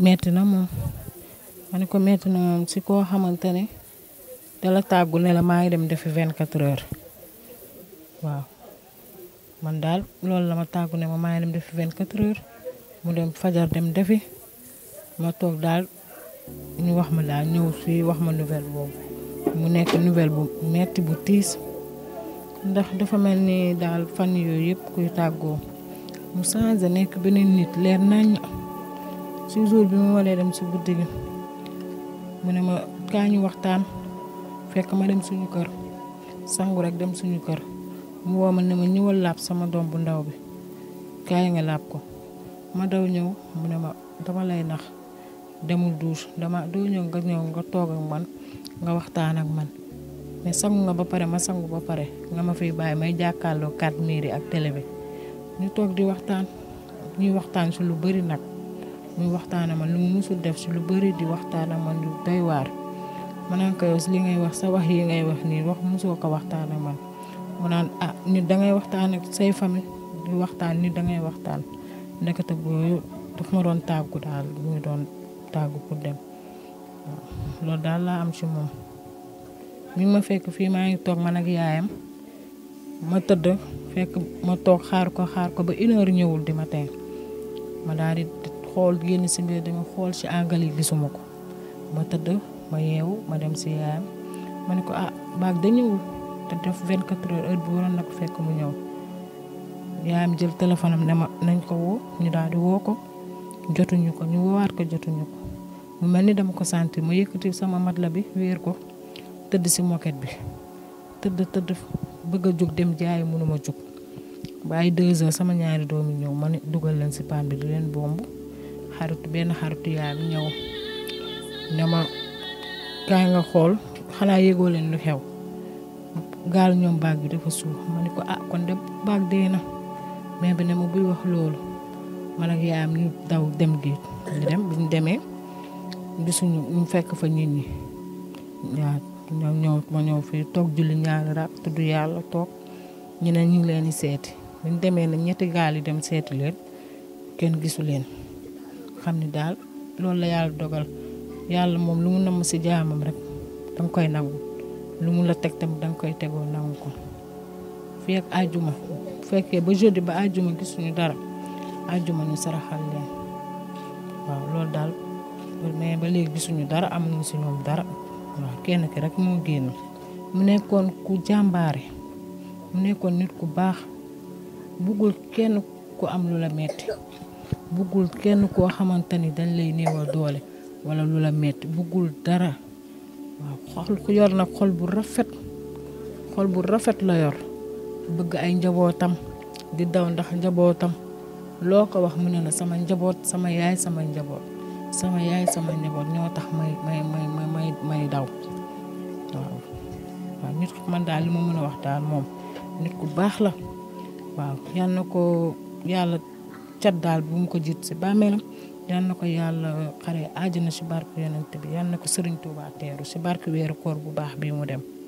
metti na moom ma ne ko metti na moom si koo xamante dala tàggu ne la maa ngi dem defi 24 heures waaw man daal loolu la ma tàggu ne ma maa dem defi 24 heures mu dem fajar dem defi ma toog daal ñu wax ma daal ñëw si wax ma nouvelle boobu mu nekk nouvelle bu metti bu tiis ndax dafa mel ni fan yooyu kuy tàggoo mu nit leer nañ su jour bi mu waree dem si guddi gi mu ne ma kaa ñu waxtaan fekk ma dem suñu kër sangu rek dem suñu kër mu woo ma ne ma ñëwal laab sama doom bu ndaw bi kaay nga laab ko ma daw ñëw mu ne ma dama lay nax demul douche dama doo ñëw nga ñëw nga toog ak man nga waxtaan ak man mais sangu nga ba pare ma sangu ba pare nga ma fiy bàyyi may jàkkaarloo quatre murs yi ak télé bi ñu toog di waxtaan ñuy waxtaan su lu bari nag. muy waxtaan ak lu mu musul def ci lu bari di waxtaan ak lu doy war ma naan ko yow li ngay wax sa wax yi ngay wax ni wax musoo ko waxtaan man mu naan ah nit ngay waxtaan ak say fami di waxtaan nit ngay waxtaan nekata bu daf ma doon tàggu daal muy doon tàggu pour dem waaw loolu daal laa am ci moom mi ma fekk fii maa ngi toog man ak yaayam ma tëdd fekk ma toog xaar ko xaar ko ba une heure ñëwul di matin ma daal di xool génn si mbir dama xool ci àngal gisuma ko ma tëdd ma yeewu ma dem si yaayam ma ne ko ah baag da ñëwul te def 24 heures heure bi waroon na fekk mu ñëw yaayam jël téléphone am ne ma nañ ko woo ñu daal di woo ko jotuñu ko ñu woowaat ko jotuñu ko mu mel ni dama ko sentir ma yëkkati sama mat la bi wéer ko tëdd si moket bi tëdd tëdd bëgg a jóg dem jaayi mënuma jóg ba ay deux sama ñaari doom yi ñëw ma ne dugal leen si paan bi di leen bomb xaritu benn xaritu yaayam ñëw ñooma ma kaay nga xool xanaa yëgoo leen lu xew gaal ñoom baag bi dafa suux ma ne ko ah kon de baag dee na mais bi ne ma buy wax loolu man ak yaayam ñu daw dem géej ñu dem bi ñu demee gisuñu ñu fekk fa nit ñi waaw ñoom ñoo ma ñëw fii toog julli ñaari raak tudd yàlla toog ñu ne ñu ngi leen di seeti bi ñu demee nag ñetti gaal yi dem seeti leen kenn gisu leen. xam ni daal loolu la yàlla dogal yàlla moom lu mu namm si jaamam rek danga koy nangu lu mu la teg tamit danga koy tegoo nangu ko fii ak àjjuma bu fekkee ba jeudi ba àjjuma gisuñu dara àjjuma ñu saraxal leen waaw loolu daal mais ba léegi gisuñu dara amuñu si ñoom dara waaw kenn ki rek moo génn mu nekkoon ku jàmbaare mu nekkoon nit ku baax bëggul kenn ku am lu la metti buggul kenn koo xamante ni dañ lay néewal doole wala lu la metti buggul dara waaw xol yor nag xol bu rafet xol bu rafet la yor bëgg ay njabootam di daw ndax njabootam loo ko wax mu ne na sama njaboot sama yaay sama njaboot sama yaay sama njaboot ñoo tax may may may may daw waaw waaw nit man daal li ma mën a wax daal moom nit ku baax la waaw yal na ko yàlla cat daal bu mu ko jit si bàmmeelam yal na ko yàlla xare na si barke yonent bi yal na ko sëriñ Tuubaa si barke weeru koor bu baax bii mu dem